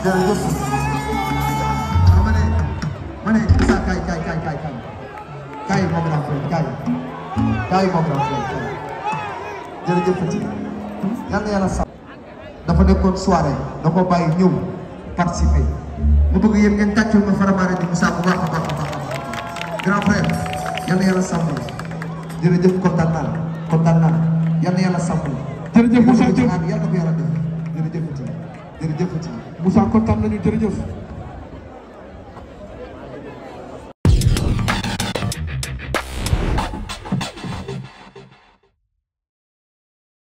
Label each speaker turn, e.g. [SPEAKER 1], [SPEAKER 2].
[SPEAKER 1] jërëjëf ma ne kay kay kay kay kay kay moom laa kay kay moom laa koy kay jërëjëf Fatick yal na yàlla sax dafa nekkoon soirée da ko bàyyi ñëw participer mu bëgg yéen ngeen tàccul ma faramaare di Moussa bu baax grand frère yal na yàlla sàmm jërëjëf kontaan naa Moussa kontaan nañu jërëjëf.